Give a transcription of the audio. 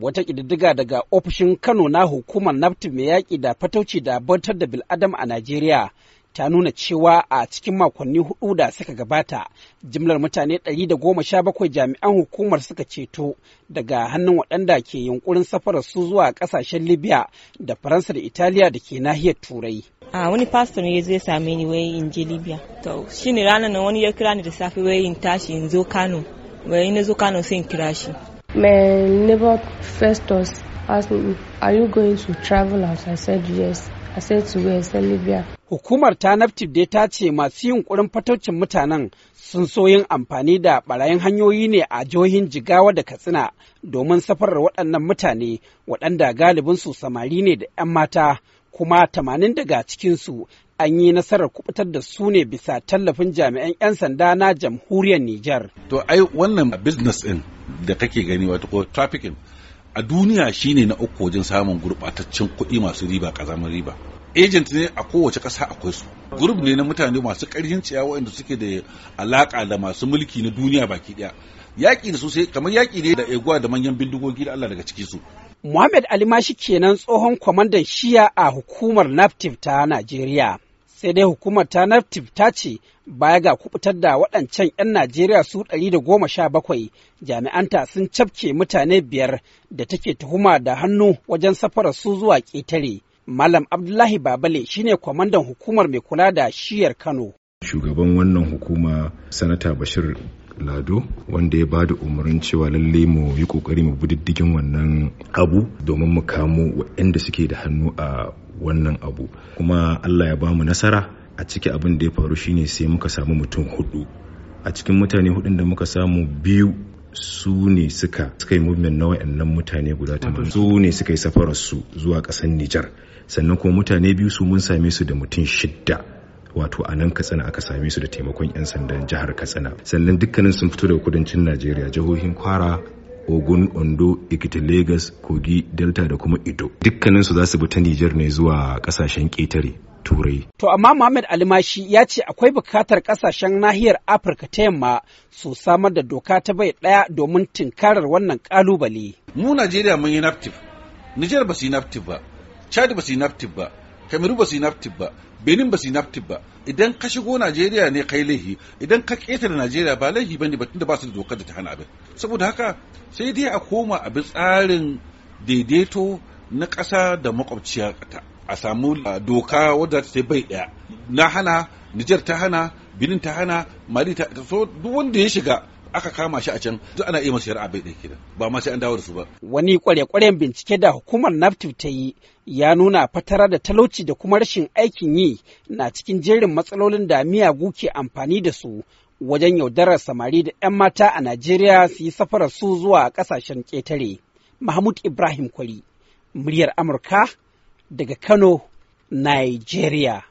wata ƙididdiga daga ofishin kano na hukumar nafti mai yaƙi da fatauci da bantar da bil'adam a najeriya ta nuna cewa a cikin makonni hudu da suka gabata jimlar mutane 117 jami'an hukumar suka ceto daga hannun waɗanda ke yunkurin safarar su zuwa ƙasashen libya da faransa da italiya da ke nahiyar turai a wani pastor ne ya same ni wai in je libya to shine ranar nan wani ya kira ni da safe wai in tashi in zo kano wai na zo kano sai in kira shi My neighbor Festus asked me, Are you going to travel out? I said, Yes. I said to where? I said, Libya. Hukumar ta Naftif dai ta ce masu yunkurin fataucin mutanen sun so yin amfani da barayin hanyoyi ne a jihohin Jigawa da Katsina domin safarar waɗannan mutane waɗanda galibinsu samari ne da 'yan mata kuma tamanin daga cikinsu an yi nasarar kubutar da su ne bisa tallafin jami'an 'yan sanda na jamhuriyar Nijar. To ai wannan business din da kake gani wato ko trafficking a duniya shine na uku wajen samun gurbataccen kuɗi masu riba kazamin riba. Agent ne a kowace ƙasa akwai su. Gurub ne na mutane masu ƙarfin ciya waɗanda suke da alaƙa da masu mulki na duniya baki ɗaya. Yaƙi da sosai kamar yaƙi ne da eguwa da manyan bindigogi da Allah daga ciki su. Muhammad Ali Mashi kenan tsohon kwamandan shiya a hukumar NAPTIV ta Najeriya. sai dai hukumar ta naftif ta ce baya ga kubutar da waɗancan 'yan najeriya su 117 jami'anta sun cafke mutane biyar da take tuhuma da hannu wajen safarar su zuwa ƙetare malam abdullahi babale shine kwamandan hukumar mai kula da shiyar kano shugaban wannan hukuma sanata bashir lado wanda ya bada umarnin cewa lalle mu yi kokari mu bi diddigin wannan abu domin mu kamo waɗanda suke da hannu a wannan abu kuma allah ya ba mu nasara a ciki abin da ya faru shine sai muka samu mutum hudu a cikin mutane hudun da muka samu biyu su ne suka suka yi movement na wayannan mutane guda ta su ne suka yi safarar su zuwa ƙasar Nijar sannan kuma mutane biyu su mun same su da mutum shidda wato a nan katsina aka same su da taimakon 'yan sandan jihar katsina sannan dukkanin sun fito daga kudancin najeriya jihohin kwara ogun ondo ikiti lagos kogi delta da kuma ido dukkaninsu za su bi ta nijar ne zuwa kasashen ƙetare turai to amma muhammad alimashi ya ce akwai bukatar kasashen nahiyar afirka ta yamma su samar da doka ta bai ɗaya domin tinkarar wannan kalubale mu najeriya mun yi naftif nijar ba su yi naftif ba chad ba su yi naftif ba kamaru ba su yi naftib ba benin ba su yi naftib ba idan ka shigo najeriya ne kai laihi idan ka keta da najeriya ba laihi bane ba tunda ba su da dokar da ta hana abin saboda haka sai dai a koma abin tsarin daidaito na ƙasa da makwabciyar ta a samu doka wadda ta bai ɗaya na hana nijar ta hana benin ta hana mali ta so duk wanda ya shiga aka kama shi a can duk ana iya masa bai ɗaya kenan ba ma sai an dawo da su ba. Wani kware-kwaren bincike da hukumar NAFTU ta yi ya nuna fatara da talauci da kuma rashin aikin yi na cikin jerin matsalolin da miyagu ke amfani da su wajen yaudarar samari da 'yan mata a Najeriya su yi safarar su zuwa ƙasashen ƙetare. Mahmud Ibrahim Kwari, muryar Amurka daga Kano, Nigeria.